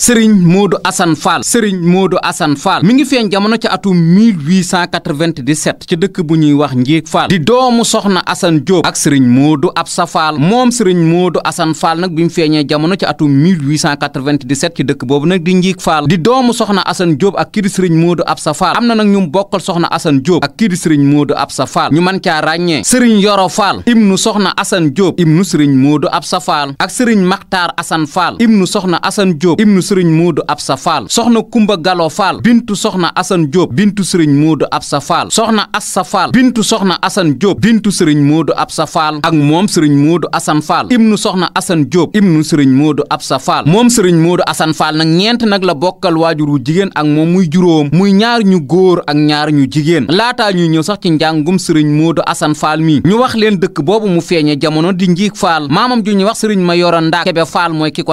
sëriñ Modou Assane Fall sëriñ Modou Assane faal mi ngi feeñ jamono ci atum 1897 ci dëkk bu ñuy wax Ndiék Fall di doomu soxna Assane Diop ak sëriñ Modou Absa Fall moom sëriñ Modou Assane Fall nag bi mu feeñee jamono ci atum 1897 ci dëkk boobu nag di Ndiék faal di doomu soxna Assane Diop ak kii di sëriñ Modou Absa Fall am na nag ñu bokkal soxna Assane Diop ak kii di sëriñ Modou Absa Fall ñu mën caa ràññee sëriñ Yoro faal ibnu soxna Assane Diop ibnu sëriñ Modou Absa Fall ak sëriñ Makhtar Assane Fall ibnu soxna Assane Diop sëriñ Moodu Absa Faal soxna Kumba Galo Faal bintu soxna Asan Jóob bintu sëriñ Moodu Absa Faal soxna Assa Faal bintu soxna Asan Jóob bintu sëriñ ab sa Faal ak moom sëriñ Moodu Asan Faal ibnu soxna Asan Jóob ibnu sëriñ Moodu Absa Faal moom sëriñ Moodu Asan Faal nag ñeent nag la bokkal waajur wu jigéen ak moom muy juróom muy ñaar ñu góor ak ñaar ñu jigéen laataa ñuy ñëw sax ci njàngum sëriñ Moodu Asan Faal mi ñu wax leen dëkk boobu mu feeñe jamono di njiig faal maamam ju ñuy wax sëriñ Mayoro Ndak Kebe Faal mooy ki ko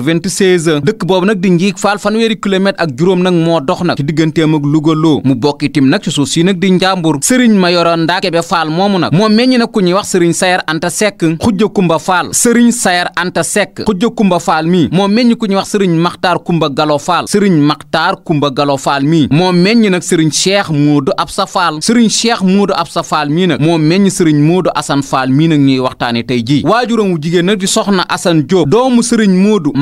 96 dëkk boobu nag di njiig faal fanweeri kilomètre ak juróom nag moo dox nag ci digganteem ak Louga loo mu bokk itim nag ci suuf si nag di njàmbur sëriñ Mayoro Ndaa Kebe Faal moomu nag moo meññi nag ku ñuy wax sëriñ Sayar Anta Seck xujja Kumba Faal sëriñ Sayar Anta Seck xujja Kumba Faal mii moo meññi ku ñuy wax sëriñ Maxtaar Kumba Galo Faal sëriñ Maxtaar Kumba Galo Faal mii moo meññ nag sëriñ Cheikh Moodu Absa Faal sëriñ Cheikh Moodu Absa Faal mii nag moom meññi sëriñ Moodu Asan Faal mii nag ñuy waxtaane tey jii waajuram wu jigéen nag di Asan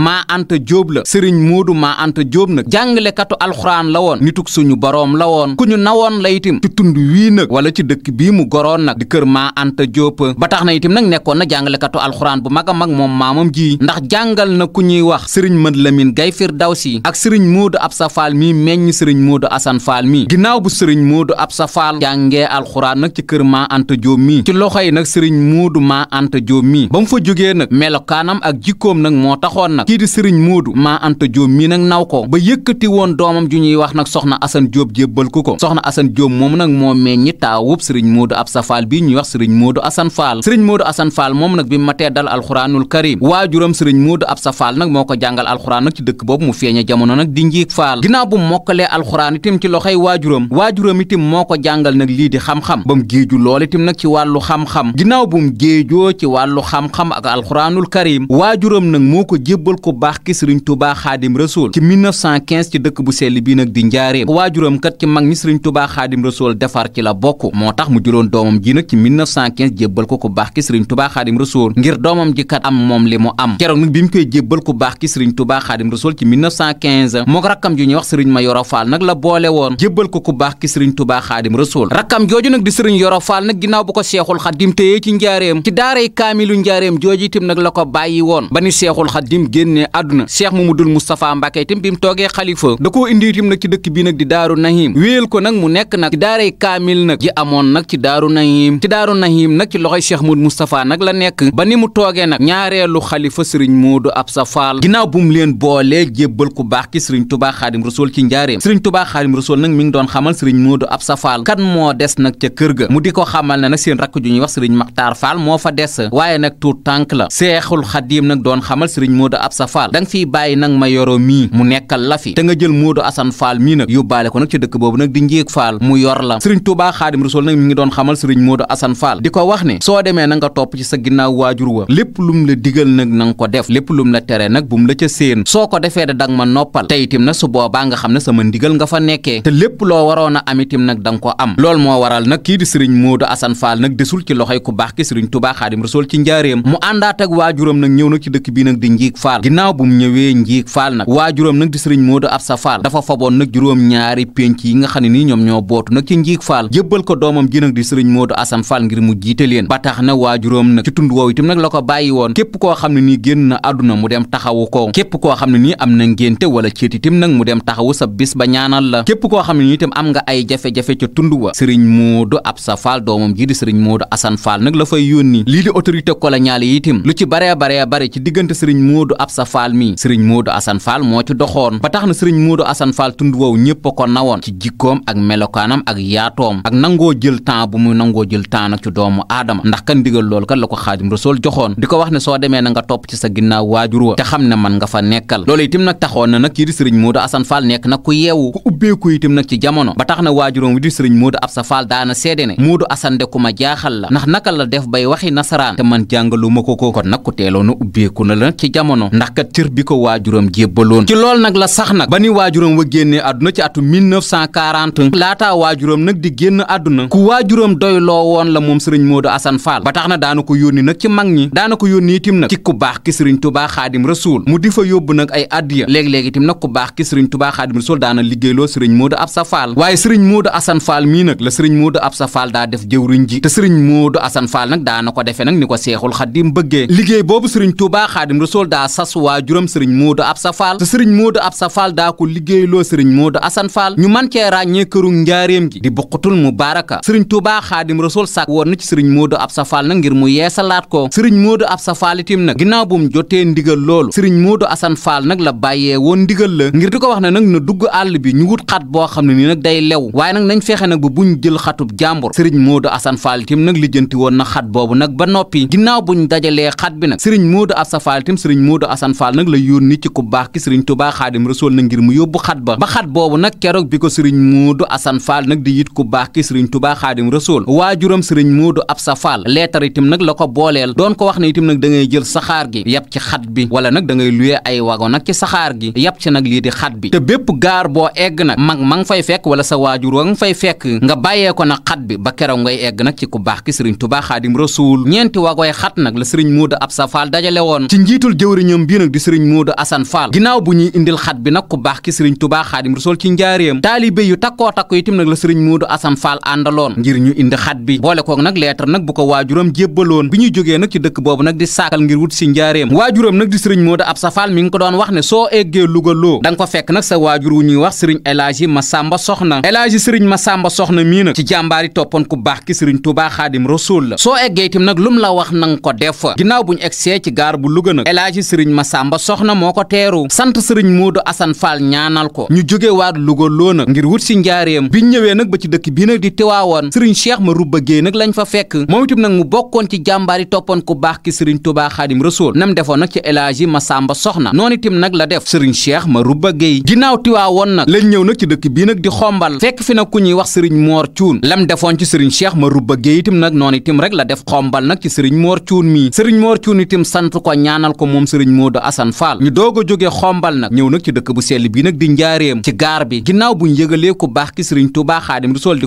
maa anta jóob la sëriñ moodu maa anta jóob nag jàngalekatu alxuraan la woon nitug suñu boroom la woon ku ñu nawoon la itim ci tund wii nag wala ci dëkk bii mu goroon nag di kër maa anta jóob ba tax na itim nag nekkoon na jàngalekatu alxuraan bu mag a mag moom maamam ji ndax jàngal na ku ñuy wax sëriñ mën lamin gay firdawsi ak sëriñ moodu absa faal mii meññ sëriñ moodu asan faal mi ginnaaw bu sëriñ ab sa faal jàngee alxuraan nag ci kër maa anta jóob mi ci loxoy nag sëriñ moodu maa anta jóob mi ba mu ak jikkoom nag kii di sëriñ Moodu maa Anta Jóob mii nag naw ko ba yëkkati woon doomam ju ñuy wax nag soxna Asan Jóob jébbal ko ko soxna Asan Jóob moom nag moo meññi taawub sëriñ Moodu Absa Faal bii ñuy wax sëriñ Moodu Asan Faal sëriñ Moodu Asan Faal moom nag bi ma tee dal alxuraanul karim waajuram sëriñ Moodu Absa Faal nag moo ko jàngal alxuraan nag ci dëkk boobu mu feeñe jamono nag di njiig faal ginnaaw bu mokkalee alxuraan itam ci loxoy waajuram waajuram itam moo ko jàngal nag lii di xam-xam ba mu géeju lool itam nag ci wàllu xam-xam ginnaaw bu mu géejoo ci wàllu xam ak alxuraanul karim waajuram nag ku baax ki sëriñ tubaa xaadim rasuul ci ci dëkk bu sell bii nag di njaareem waajuram kat ci mag ñi sëriñ tubaa xaadim rasuul defar ci la bokk moo tax mu juloon doomam ji nag ci jébbal ko ku baax ki sëriñ tubaa xaadim rasuul ngir doomam ji kat am moom li mu am keroog nag bi mu koy jébbal ku baax ki sëriñ tubaa xaadim rasuul ci 1915 rakkam ju ñuy wax sëriñ ma yoro nag la boole woon jébbal ko ku baax ki sëriñ tubaa xaadim rasuul rakkam jooju génnee àdduna cheikh mamadul moustapha mbàkke itam bi mu toogee xalifa da koo indi itam nag ci dëkk bii nag di daaru nahim wéel ko nag mu nekk nag ci daaray kaamil nag ji amoon nag ci daaru nahim ci daaru nahim nag ci loxoy cheikh mamadou moustapha nag la nekk ba ni mu toogee nag ñaareelu xalifa sëriñ moodu absa faal ginnaaw bu mu leen boolee jébbal ku baax ki sëriñ tubaa xaadim rasul ci njaareem sëriñ tubaa xaadim rasul nag mi ngi doon xamal sëriñ moodu absa moo des nag ca ga mu di ko xamal ne nag seen rakk ju ñuy wax sëriñ maxtaar faal moo fa des waaye nag tuut tànk la seexul xadim nag doon xamal sa faal danga nga bàyyi nag ma yoro mii mu nekkal la fi te nga jël Modou Assane Fall mii nag yóbbaale ko nag ci dëkk boobu nag di Ndiéeg faal mu yor la Serigne Touba Xaadim Rasul nag mi ngi doon xamal Serigne Modou Assane Fall di ko wax ne soo demee na topp ci sa ginnaaw waajur wa lépp lum la digal nag nanga nga ko def lépp lum la tere nag bu mu la ca séen soo ko defee da dang ma noppal te na nag su boobaa nga xam ne sama ndigal nga fa nekkee te lépp loo waroon a am itim nag da ko am loolu moo waral nag kii di Serigne Modou Assane nag desul ci loxoy ku baax ki Serigne Touba Xaadim Rasul ci njaareem mu àndaat ak waajuram nag ñëw nag ci dëkk bii nag di Ndiéeg Fall ginnaaw bu mu ñëwee njiig faal nag waajuram nag di sëriñ Modou Absa Fall dafa faboon nag juróom-ñaari pénc yi nga xam ne nii ñoom ñoo bootu nag ci njiig faal jébbal ko doomam ji nag di sëriñ Modou Assane Fall ngir mu jiite leen ba tax na waajuram nag ci tund woowu itam nag la ko bàyyi woon képp koo xam ne nii génn na àdduna mu dem taxawu ko képp koo xam ne nii am na ngénte wala céet itam nag mu dem taxawu sa bis ba ñaanal la képp koo xam ne nii itam am nga ay jafe ca tund wa sëriñ Modou Absa Fall doomam ji di sëriñ Modou Assane nag la fay yónni lii di autorité coloniale yi sa Fall mi sëriñ Modou Assane Fall moo ci doxoon ba tax na sëriñ Modou Assane Fall tund woow ñépp a ko nawoon ci jikkoom ak melokaanam ak yaatoom ak nangoo jël temps bu mu nangoo jël temps nag ci doomu aadama ndax kan ndigal loolu kan la ko xaadim rasool joxoon di ko wax ne soo demee na nga topp ci sa ginnaaw waajur wa te xam ne man nga fa nekkal loolu itam nag taxoon na nag kii di sëriñ Modou Assane Fall nekk nag ku yeewu ku ubbeeku itam nag ci jamono ba tax na waajuroom wi di sëriñ Modou Absa Fall daana seede ne Modou Assane de ku ma jaaxal la ndax naka la def bay waxi nasaraan te man jàngalu ko ko kon nag ku teeloona ubbeeku na la jamono ndax kat cër bi ko waajuram jébbaloon ci lool nag la sax nag ba ni waajuram wa génnee àdduna ci atu 1940 laataa waajuram nag ku loo woon la moom sëriñ Modou Assane Fall ba tax na daana ko baax ki sëriñ Tubaa Xaadim Rasuul mu di fa yóbbu nag ay addiya léeg-léeg itim nag ku baax ki sëriñ Tubaa Xaadim Rasuul daana liggéeyloo sëriñ Modou Absa Fall waaye sëriñ Modou Assane Fall mii nag la sëriñ Modou Absa Fall daa def jëwriñ ji te sëriñ Modou Assane Fall nag daana ko defee nag ni ko Seexul Xaadim bëggee liggéey boobu sëriñ Tubaa Xaadim Rasuul daa sas Niass waajuram sëriñ Moodu Absa Fall te sëriñ Moodu Absa Fall daa ko liggéeyloo sëriñ Moodu Asan Fall ñu man cee ràññee këru njaaréem gi di buqutul mu baraka sëriñ Tuubaa Xaadim Rasuul sàkk woon na ci sëriñ Moodu Absa Fall nag ngir mu yeesalaat ko sëriñ Moodu Absa Fall itim nag ginnaaw bu mu jotee ndigal loolu sëriñ Moodu Asan Fall la bàyyee woon ndigal la ngir di ko wax ne nag na dugg àll bi ñu wut xat boo xam ne ni nag day lew waaye nag nañ fexe nag bu buñ jël xatub jàmbur sëriñ Moodu Asan Fall itim nag lijjanti woon na xat boobu nag ba noppi ginnaaw buñ dajalee xat bi nag sëriñ Moodu Absa Fall itim sëriñ Moodu Asan Assane Fall nag la yónni ci ku baax ki sëriñ Tuubaa Xaadim Rasuul na ba ba xat boobu nag keroog bi ko sëriñ Moodu Assane Fall nag di it ku baax ki sëriñ Tuubaa nag la ko booleel doon ko wax ne itam nag da ngay jël saxaar gi yàpp ci xat bi wala nag dangay ngay luye ay wago nag ci saxaar gi yàpp ci nag lii di xat bi te bépp gaar boo egg nag mag ma nga fay fekk wala sa waajur wa ngi fay fekk nga bàyyee ko nag xat bi ba keroog ngay egg nag ci ku baax ki sëriñ Tuubaa Xaadim Rasuul ñeenti wagoy xat nag la sëriñ Moodu Absa Fall dajale woon ci njiitul jëwriñam bi bi nag di sëriñ Modou Assane Fall ginnaaw bu ñuy indil xat bi nag ku baax ki sëriñ Touba Xaadim Rasul ci njaareem taalibe yu takkoo takko la ko waajuram jébbaloon bi ñuy jógee nag ci dëkk boobu nag di saakal ngir wut si mi ngi ko doon wax ne soo eggee Louga loo da nga ko nag sa la soo eggee itam nag lum la wax nanga ko def ginnaaw buñu egsee ci gaar bu Louga nag sëriñ Masamba Soxna moo ko teeru sant sëriñ Modou Assane Fall ko ñu jóge waat Louga loo nag ngir wut si njaareem biñ ñëwee nag ba ci dëkk bii nag di tiwaawoon sëriñ Cheikh ma rubba géey nag lañ fa fekk moom nag mu bokkoon ci jàmbaar yi toppoon ku baax ki sëriñ Touba Xaadim Rasuul nam defoon nag ci Elaaji Masamba Soxna noonu itam nag la def sëriñ Cheikh ma rubba géey ginnaaw tiwaawoon nag lañ ñëw nag ci dëkk bii nag di xombal fekk fi nag ku ñuy wax sëriñ Moor Cuun lam defoon ci sëriñ Cheikh ma rubba géey itam nag noonu itam rek la def xombal nag ci sëriñ Moor Cuun mi sëriñ Moor Cuun sant ko ñaanal ko moom sëriñ Modou Assane Fall ñu doog a jóge xombal nag ñëw nag ci dëkk bu sell bii nag di njaareem ci gaar bi ginnaaw buñ yëgalee ku baax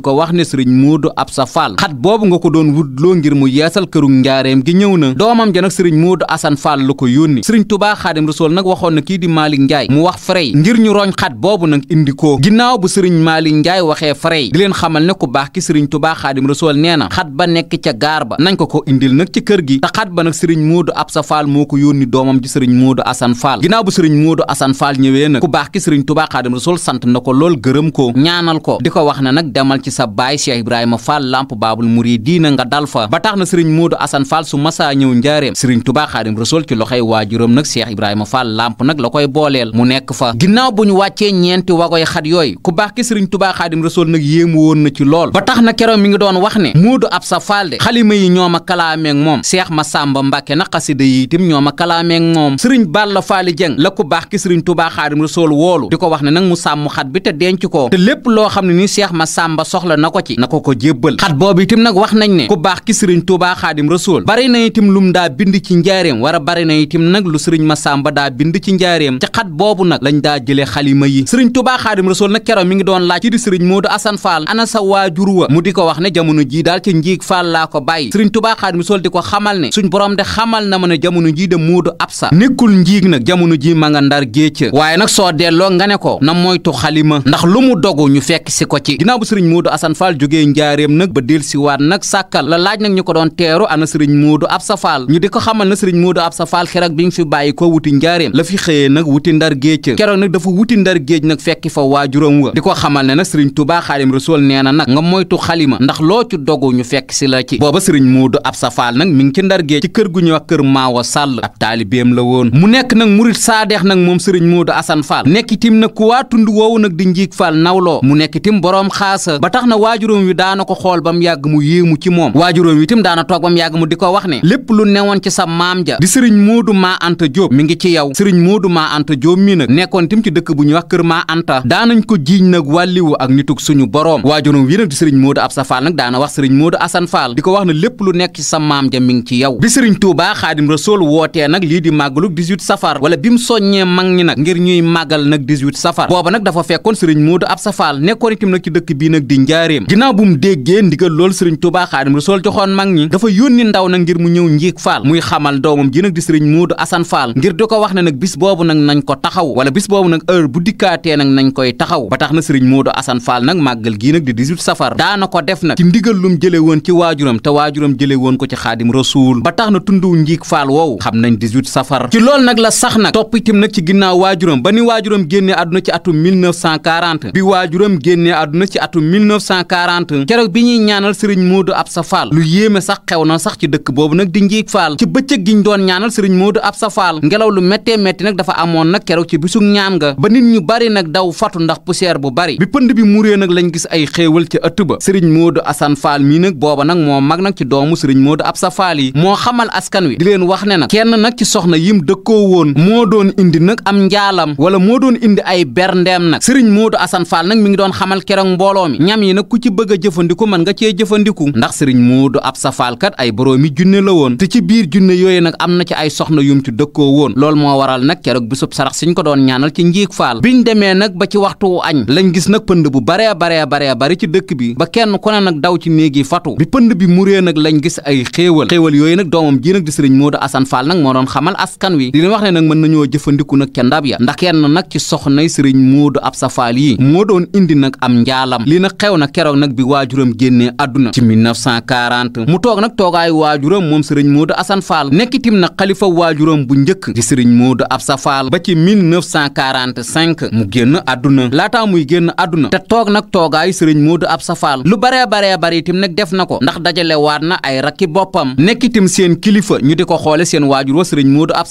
ko wax ne sëriñ Modou Absa Fall xat boobu nga ko doon wutloo ngir mu yeesal këru njaareem gi ñëw na doomam ja nag sëriñ Modou Assane Fall la ko yónni sëriñ Tuubaa Xaadim Rasuul nag waxoon na kii di Malick Ndiaye mu wax Frey ngir ñu roñ xat boobu nag indi ko ginnaaw bu sëriñ Malick Ndiaye waxee Frey di leen xamal ne ku baax ki sëriñ Tuubaa Xaadim Rasuul nee na xat ba nekk ca gaar ba nañ ko ko indil nag ci kër gi te xat ba nag sëriñ Modou Absa Fall moo ko yónni doomam ji sëriñ sëriñ Modou Assane Fall ginnaaw bu sëriñ Modou Assane Fall ñëwee nag ku baax ki sëriñ Touba Xaadim Rasul sant na ko lool gërëm ko ñaanal ko di ko wax ne nag demal ci sa baay Cheikh Ibrahima Fall Lamp Baabul Muridiina nga dal fa ba tax na sëriñ Modou Assane Fall su masaa ñëw njaareem sëriñ Touba Xaadim Rasul ci loxoy waajuram nag Cheikh Ibrahima Fall Lamp nag la koy booleel mu nekk fa ginnaaw bu ñu wàccee ñeenti wagoy xat yooyu ku baax ki sëriñ Touba Xaadim Rasul nag yéemu woon na ci lool ba tax na keroog mi ngi doon wax ne Modou Absa Fall de xalima yi ñoom a kalaameeg moom Cheikh Massamba na xasida yi a sëriñ Balla Faali Jeng la ko baax ki sëriñ Tuubaa Xaadim Rasuul woolu di ko wax ne nag mu sàmm xat bi te denc ko te lépp loo xam ne ni Seex Masàmba soxla na ko ci na ko ko jébbal xat boobu itam nag wax nañ ne ku baax ki sëriñ Tuubaa Xaadim Rasuul bari na itam lum daa bind ci njaareem wara bari na itam nag lu ma Masàmba daa bind ci njaareem ci xat boobu nag lañ daa jëlee xalima yi sëriñ Tuubaa Xaadim Rasuul nag keroog mi ngi doon laaj ci di sëriñ Moodu Asan Faal ana sa ne jamono jii daal ca njiig Faal laa ko bàyyi sëriñ Tuubaa Xaadim di ko xamal ne suñ borom de xamal na ma ne jamono jii de Moodu Absa nekkul njiig nag jamono ji ma nga ndar géej waaye nag soo delloo nga ne ko na moytu xalima ndax lu mu dogu ñu fekk si ko ci ginnaaw bu sëriñ Modou Assane Fall jógee njaareem nag ba del si waat nag sàkkal la laaj nag ñu ko doon teeru ana sëriñ Modou Absa Fall ñu di ko xamal na sëriñ Modou Absa Fall keroog bi nga fi bàyyi ko wuti njaareem la fi xëyee nag wuti ndar géej keroog nag dafa wuti ndar géej nag fekki fa waajuram ko xamal ne nag sëriñ Touba Xaadim Rasul nee na nag nga moytu xalima ndax loo ci fekk si la ci booba sëriñ Modou Absa Fall nag mi ngi ci ndar géej ci kër gu ñuy wax kër Maawa Sàll ab taalibeem la woon woon mu nekk nag murit saadeex nag moom sëriñ Modou Assane Fall nekk itim nag ku waa tund woowu nag di njiig Fall nawloo mu nekk boroom xaasa ba tax na waajuróom wi daana ko xool ba mu yàgg mu yéemu ci moom waajuróom wi itam daana toog ba mu yàgg mu di ko wax ne lépp lu newoon ci sa maam ja di sëriñ Modou maa Anta Diop mi ngi ci yow sëriñ Modou maa Anta Diop mi nag nekkoon itam ci dëkk bu ñuy wax kër maa Anta daanañ ko jiiñ nag wàlliwu ak nitug suñu boroom waajuróom wi nag di sëriñ Modou Absa Fall nag daana wax sëriñ Modou Assane Fall di ko wax ne lépp lu nekk sa maam ja mi ngi ci yow bi sëriñ Touba màggalug 18 safar wala bi mu soññee mag ñi nag ngir ñuy màggal nag 18 safar booba nag dafa fekkoon sëriñ Moodu Absa Fall nekkoon itam nag ci dëkk bii nag di njaareem ginnaaw bu mu déggee ndigal sëriñ Tuubaa Xaadim Rasuul joxoon mag ñi dafa yónni ndaw nag ngir mu ñëw njiig faal muy xamal doomam ji nag di sëriñ Moodu Asan Fall ngir di ko wax ne nag bis nag nañ ko taxaw wala bis nag heure bu dikkaatee nag nañ koy taxaw ba tax na sëriñ Moodu Asan ci loolu nag la sax nag topp itam nag ci ginnaaw waajuram ba ni waajuram génnee àdduna ci atum 1940 bi waajuram génnee àdduna ci atum 1940 keroog bi ñuy ñaanal sëriñ Modou Absa Fall lu yéeme sax xew na sax ci dëkk boobu nag di Njiig faal ci bëccëg gi ñu doon ñaanal sëriñ Modou Absa Fall ngelaw lu méttee métti nag dafa amoon nag keroog ci bisu ñaan nga ba nit ñu bari nag daw fatu ndax poussière bu bari bi pënd bi muree nag lañ gis ay xéewal ci ëtt ba sëriñ moo Assane Fall mii nag booba nag moo mag nag ci doomu sëriñ Modou Absa Fall yi moo xamal askan wi di Xaadim dëkkoo woon moo doon indi nag am njaalam wala moo doon indi ay berndeem nag sëriñ Modou Assane Fall nag mi ngi doon xamal keroog mbooloo mi ñam yi nag ku ci bëgg a jëfandiku mën nga cee jëfandiku ndax sëriñ Modou Absa Fall kat ay boroomi junne la woon te ci biir junne yooyu nag am na ci ay soxna yum ci dëkkoo woon loolu moo waral nag keroog bisub sarax siñ ko doon ñaanal ci njiig faal biñ demee nag ba ci waxtu añ lañ gis nag pënd bu baree baree baree bari ci dëkk bi ba kenn ku ne nag daw ci néegi fatu bi pënd bi muree nag lañ gis ay xéewal xéewal yooyu nag doomam ji nag di sëriñ Modou Assane nag moo doon xamal askan wi dina wax ne nag mën nañoo jëfandiku nag ca ndab ya ndax kenn nag ci soxnay sëriñ Moodu Absa Fall yi moo doon indi nag am njaalam li nag xew na keroog nag bi waajuram génnee àdduna ci 1940 mu toog nag toogaayu waajuram moom sëriñ Moodu Asan Fall nekkitim na xalifa waajuram bu njëkk di sëriñ Moodu Absa Fall ba ci 1945 mu génn àdduna laataa muy génn àdduna te toog nag toogaayu sëriñ Moodu Absa Fall lu baree baree bari itam nag def na ko ndax dajalewaat na ay rakki boppam nekkitim seen kilifa ñu di ko xoole seen waajur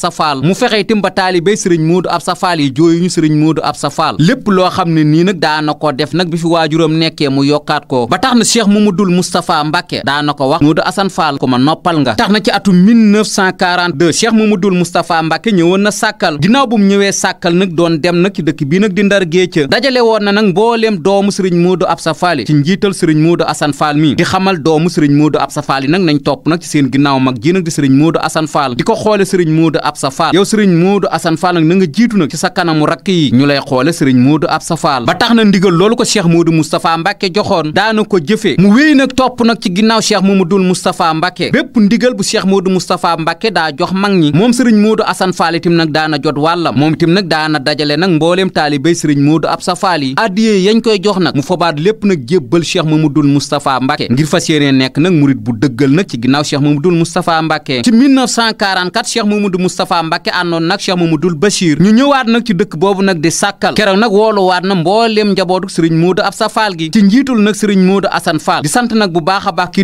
Absa Fall mu fexee timba taalibey sëriñ Modou Absa Fall yi jooyuñu sëriñ Modou Absa Fall lépp loo xam ne nii nag daana ko def nag bi fi waajuram nekkee mu yokkaat ko ba tax na Cheikh Mamadou Moustapha Mbacke daana ko wax Modou Assane Fall ku ma noppal nga tax na ci atum 1942 Cheikh Mamadou Moustapha Mbacke ñëwoon na sàkkal ginnaaw bu mu ñëwee sàkkal nag doon dem nag ci dëkk bii nag di Ndar Géej dajale woon na nag mbooleem doomu sëriñ Modou Absa Fall ci njiital sëriñ Modou Assane Fall mi di xamal doomu sëriñ Modou Absa Fall yi nag nañ topp nag ci seen ginnaaw mag ji nag di sëriñ Modou Assane Fall di ko xoole sëriñ Modou Absa Fall yow sëriñ Modou Assane Fall nag na nga jiitu nag ci sa kanamu rakk yi ñu lay xoole sëriñ Modou Absa Fall ba tax na ndigal loolu ko Cheikh Modou Moustapha Mbacke joxoon daana ko jëfee mu wéy nag topp nag ci ginnaaw Cheikh Mamadou Moustapha Mbacke bépp ndigal bu Cheikh Modou Moustapha Mbacke daa jox mag ñi moom sëriñ Modou Assane Fall itam nag daana jot wàllam moom itam nag daana dajale nag mbooleem taalibéy sëriñ Modou Absa Fall yi addiyee yañ koy jox nag mu fobaat nag jébbal Cheikh Mamadou Moustapha Mbacke ngir fas yéene nekk nag murit bu dëggal nag ci ginnaaw Cheikh Mamadou ci 1944 Cheikh Mamadou Moustapha Mbacke àndoon nag Cheikh Mamadou Bachir ñu ñëwaat nag ci dëkk boobu nag di sàkkal keroog nag wooluwaat na mbooleem njabootu sëriñ Modou Absa Fall gi ci njiitul nag sëriñ Modou Assane Fall di sant nag bu a baax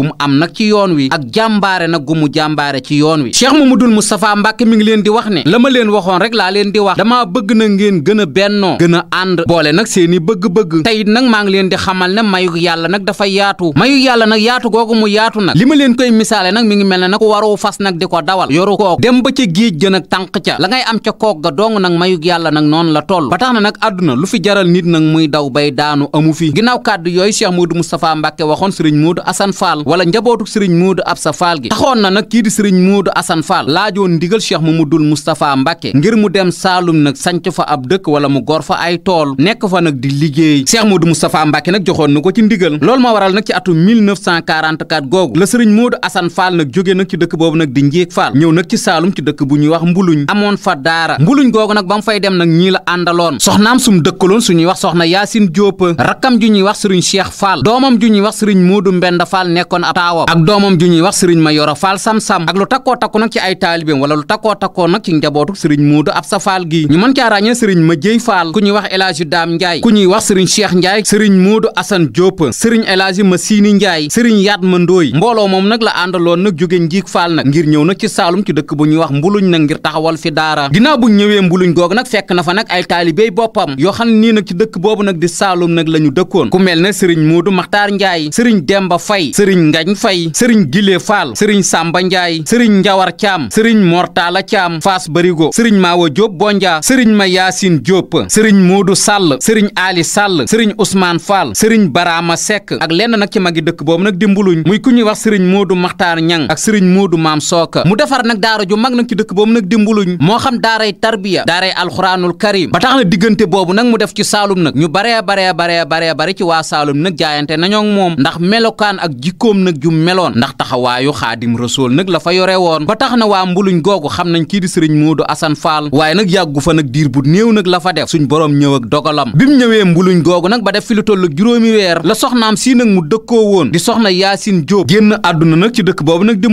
mu am nag ci yoon wi ak jàmbaare nag gu mu jàmbaare ci mi ngi leen di wax ne la ma leen waxoon rek laa leen di wax damaa bëgg na ngeen gën a bennoo gën a ànd boole nag seeni bëgg-bëgg tey it nag maa ngi leen di xamal ne mayu yàlla nag dafa yaatu mayu yàlla nag yaatu googu mu yaatu nag li ma leen koy misaale nag mi ngi mel ne nag waru fas nag di ko dawal yoru koog dem ba ca géej gën nag tànq ca la ngay am ca koog ga dong nag mayug yàlla nag noonu la toll ba tax na nag àdduna lu fi jaral nit nag muy daw bay daanu amu fi ginnaaw kàddu yooyu Cheikh Modou Moustapha Mbacke waxoon sëriñ Modou Assane Fall wala njabootu sëriñ Modou Absa Fall gi taxoon na nag kii di sëriñ Modou Assane Fall laajoon ndigal Cheikh Mamadou Moustapha Mbacke ngir mu dem Saalum nag sanc fa ab dëkk wala mu gor fa ay tool nekk fa nag di liggéey Cheikh Modou Moustapha Mbacke nag joxoon na ko ci ndigal loolu moo waral nag ci atum 1944 googu la sëriñ Modou Assane Fall nag jóge nag ci dëkk boobu nag Ndiéeg Fall ñëw nag ci Saalum ci dëkk bu ñuy wax mbuluñ amoon fa daara mbuluñ googu nag ba mu fay dem nag ñii la àndaloon soxnaam sum dëkkaloon suñuy wax soxna Yaasin Diop rakkam ju ñuy wax sëriñ Cheikh Fall doomam ju ñuy wax sëriñ Moodu Mbend Fall nekkoon ab taawam ak doomam ju ñuy wax sëriñ Mayoro Fall sam-sam ak lu takkoo takku nag ci ay taalibeem wala lu takkoo takkoo nag ci njabootu sëriñ Moodu Absa Fall gi ñu mën caa ràññee sëriñ Madieye Fall ku ñuy wax El Hadji Dame Ndiaye ku ñuy wax sëriñ Cheikh Ndiaye sëriñ Moodu Assane Diop sëriñ El Hadji Massini Ndiaye sëriñ Yatma Ndoye mbooloo moom nag la àndaloon nag jóge Ndiéeg Fall nag ngir ñëw ñëw na ci saalum ci dëkk bu ñuy wax mbuluñ nag ngir taxawal fi daara ginnaaw bu ñëwee mbuluñ googu nag fekk na fa nag ay taalibey boppam yoo xam ne nii nag ci dëkk boobu nag di saalum nag la ñu dëkkoon ku mel ne sëriñ Moodu Maxtaar Njaay sëriñ Demba Fay sëriñ Ngañ Fay sëriñ Gile Faal sëriñ Sàmba Njaay sëriñ Njawar Caam sëriñ Mortala Caam Faas Barigo sëriñ Maawa Jóob Bonjaa sëriñ Ma Yaasin Jóob sëriñ Moodu Sàll sëriñ Ali Sàll sëriñ Ousmane Fall sëriñ Baraama Sekk ak lenn nag ci magi dëkk boobu nag di mbuluñ muy ku ñuy wax sëriñ Moodu Maxtaar Ñang ak sëriñ Moodu Maam Sook bokk mu defar nag daara ju mag nag ci dëkk boobu nag di mbuluñ moo xam daaray tarbiya daaray alxuraanul karim ba tax na diggante boobu nag mu def ci saalum nag ñu baree baree baree baree bari ci waa saalum nag jaayante nañoo moom ndax melokaan ak jikkoom nag ju meloon ndax taxawaayu xaadim rasool nag la fa yore woon ba tax na waa mbuluñ googu xam nañ kii di sëriñ Moodu Asan Faal waaye nag yàggu fa nag diir bu néew nag la fa def suñ borom ñëw ak dogalam bi mu ñëwee mbuluñ googu nag ba def fi lu toll juróomi weer la soxnaam sii nag mu dëkkoo woon di soxna Yaasin Jóob génn àdduna nag ci dëkk boobu nag di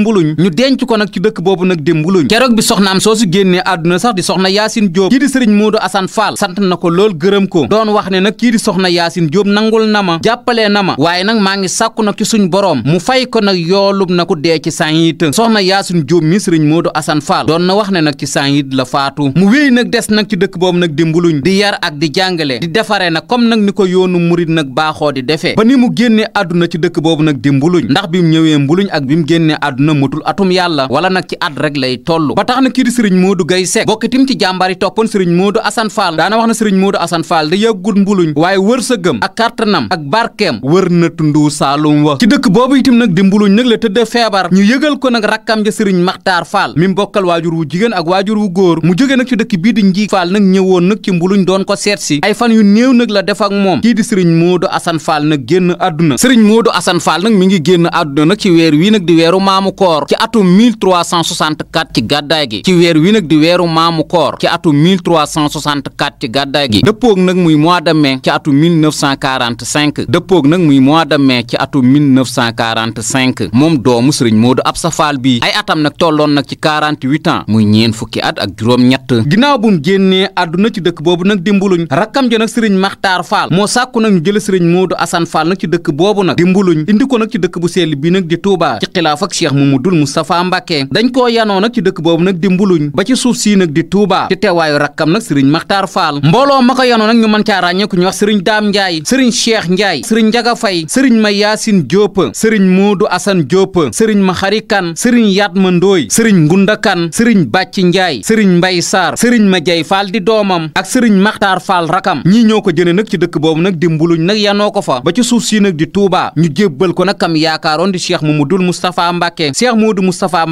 nekkoon nag ci dëkk boobu nag dém wuluñu keroog bi soxnaam soosu génnee àdduna sax di soxna Yaasin Jóob kii di sëriñ Moodu Asan Faal sant na ko lool gërëm ko doon wax ne nag kii di soxna Yaasin Jóob nangul na ma jàppalee na ma waaye nag maa ngi sàkku na ci suñ boroom mu fay ko nag yoolub na ku dee ci saayit soxna Yaasin Jóob mi sëriñ Moodu Asan Faal doon na wax ne nag ci saayit la faatu mu wéy nag des nag ci dëkk boobu nag di mbuluñ di yar ak di jàngale di defare nag comme nag ni ko yoonu murit nag baaxoo di defee ni mu génnee àdduna ci dëkk boobu nag di ndax bi mu ñëwee mbuluñ ak mu génnee àdduna mutul atum yàlla la wala nag ci at rek lay toll ba tax na kii di sëriñ Modou Gaye Seck bokk itam ci jàmbaar yi toppoon sëriñ Modou Assane Fall daana wax na sëriñ Modou Assane Fall da yàggul mbuluñ waaye wërsëgam ak kàttanam ak barkeem wër na tundu Saalum wa ci dëkk boobu itam nag di mbuluñ nag la tëdd feebar ñu yëgal ko nag rakkam ja sëriñ maxtaar faal mi mbokkal waajur wu jigéen ak waajur wu góor mu jóge nag ci dëkk bii di Njiig Fall nag ñëwoon nag ci mbuluñ doon ko seet si ay fan yu néew nag la def ak moom kii di sëriñ Modou Assane Fall nag génn àdduna sëriñ Modou Assane nag mi ngi génn àdduna nag ci weer wii nag di weeru maamu koor ci atum 1364 ci gàddaay gi ci weer wi nag di weeru maamu koor ci atu 1364 ci gàddaay gi dëppoog nag muy mois de mai ci atu 1945 dëppoog nag muy mois de mai ci atu 1945 moom doomu sëriñ Modou Absa Fall bi ay atam nag tolloon nag ci 48 ans muy ñeen fukki at ak juróom-ñett ginnaaw bu mu génnee àdduna ci dëkk boobu nag dimbuluñ rakkam ja nag sëriñ Maxtaar Fall moo sàkku nag ñu jël sëriñ Modou Assane Fall nag ci dëkk boobu nag dimbuluñ indi ko nag ci dëkk bu sell bi nag di Touba ci xilaaf ak Cheikh Mbàkke dañ koo yanoo nag ci dëkk boobu nag di mbuluñ ba ci suuf sii nag di Touba ci teewaayu rakkam nag sëriñ Maxtaar Faal ma ko yanoo nag ñu mën caa ràññee ku ñu wax sëriñ Daam Njaay sëriñ Cheikh Njaay sëriñ Njaga Fay sëriñ ma Yaasin Jóob sëriñ Muudu Asan Jóob sëriñ ma Xari Kan sëriñ Yatma Ndooy sëriñ Ngunda Kan sëriñ Bàcc Njaay sëriñ Mbay Saar sëriñ ma Jay Faal di doomam ak sëriñ Maxtaar Faal rakkam ñii ñoo ko jëne nag ci dëkk boobu nag di mbuluñ nag yanoo ko fa ba ci suuf sii nag di Touba ñu jébbal ko nag kam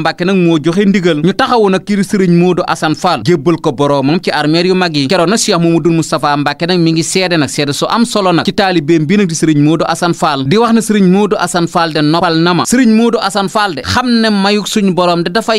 Mbàkke nag moo joxe ndigal ñu taxawu nag kii sëriñ Modou Assane Fall jébbal ko boroomam ci armeer yu mag yi keroon nag Cheikh Mamadou Moustapha Mbàkke nag mi ngi seede nag seede su am solo nag nag di sëriñ Modou Assane Fall di wax ne sëriñ Modou Assane Fall de noppal xam ne mayuk suñ borom de dafa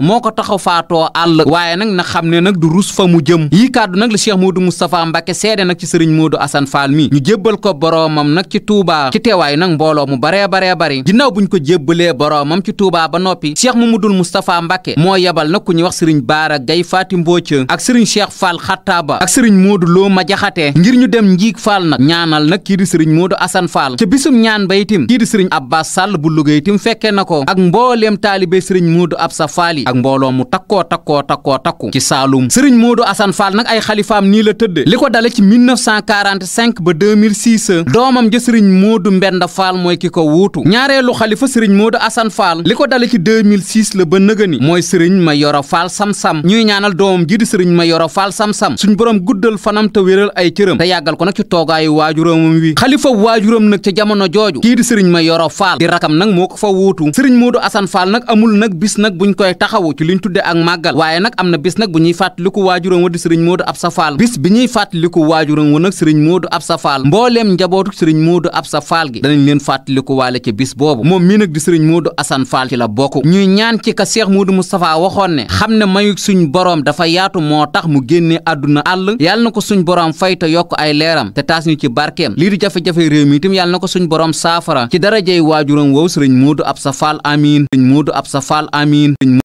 moo ko taxaw faatoo àll waaye nag na xam ne nag du rus fa mu jëm yii kàddu nag la Cheikh Modou Moustapha Mbàkke seede nag ci sëriñ Modou Assane Fall mi ñu jébbal ko boroomam nag ci tuubaa ci teewaay nag mbooloo mu bare bare bari ginnaaw buñ ko jébbalee boroomam ci Touba ba noppi Mamadul Moustapha Mbacke moo yabal na ku ñuy wax sëriñ Baara Gay Faati Mbooca ak sëriñ Cheikh Fall Xattaaba ak sëriñ Moodu Loo ma jaxate ngir ñu dem njiig Fall nag ñaanal nag kii di sëriñ Moodu Asan Fall ca bisum ñaan ba itim kii di sëriñ Abbas Sàll bu Louga itim fekke na ko ak mbooleem taalibe sëriñ Moodu Absa Fall yi ak mbooloo mu takkoo takkoo takkoo takku ci Saalum sëriñ Moodu Asan Fall nag ay xalifaam nii la tëdd li ko dale ci 1945 ba 2006 doomam ja sëriñ Moodu Mbenda Fall mooy ki ko wuutu ñaareelu xalifa sëriñ Moodu Asan Fall li ko dale ci 2006 2006 la ba nëgëni mooy sëriñ ma yoro faal sam-sam ñuy ñaanal doomam ji di sëriñ ma yoro faal sam-sam suñ borom guddal fanam te wéral ay cëram te yàggal ko nag ci toogaayu waajuramam wi xalifa waajuram nag ca jamono jooju kii di sëriñ ma yoro faal di rakam nag moo ko fa wuutu sëriñ moodu asan faal nag amul nag bis nag buñ koy taxawu ci liñ tudde ak màggal waaye nag am na bis nag bu ñuy fàttaliku waajuram wa di sëriñ moo absa faal bis bi ñuy fàttaliku waajuram wa nag sëriñ moodu absa faal mbooleem njabootu sëriñ moodu absa faal gi danañ leen fàttaliku waale ci bis boobu moom mii nag di sëriñ moodu asan faal ci la ñuy ñaan ci ka Cheikh Modou Moustapha waxoon ne xam ne mayu suñ boroom dafa yaatu moo tax mu génne àdduna àll yàlla na ko suñ boroom fay te yokk ay leeram te taas ñu ci barkeem lii di jafe-jafe réew mi itam yàlla na ko suñ boroom saafara ci darajey waajuram wow sëriñ Modou Absa Fall amiin sëriñ Modou Absa Fall amiin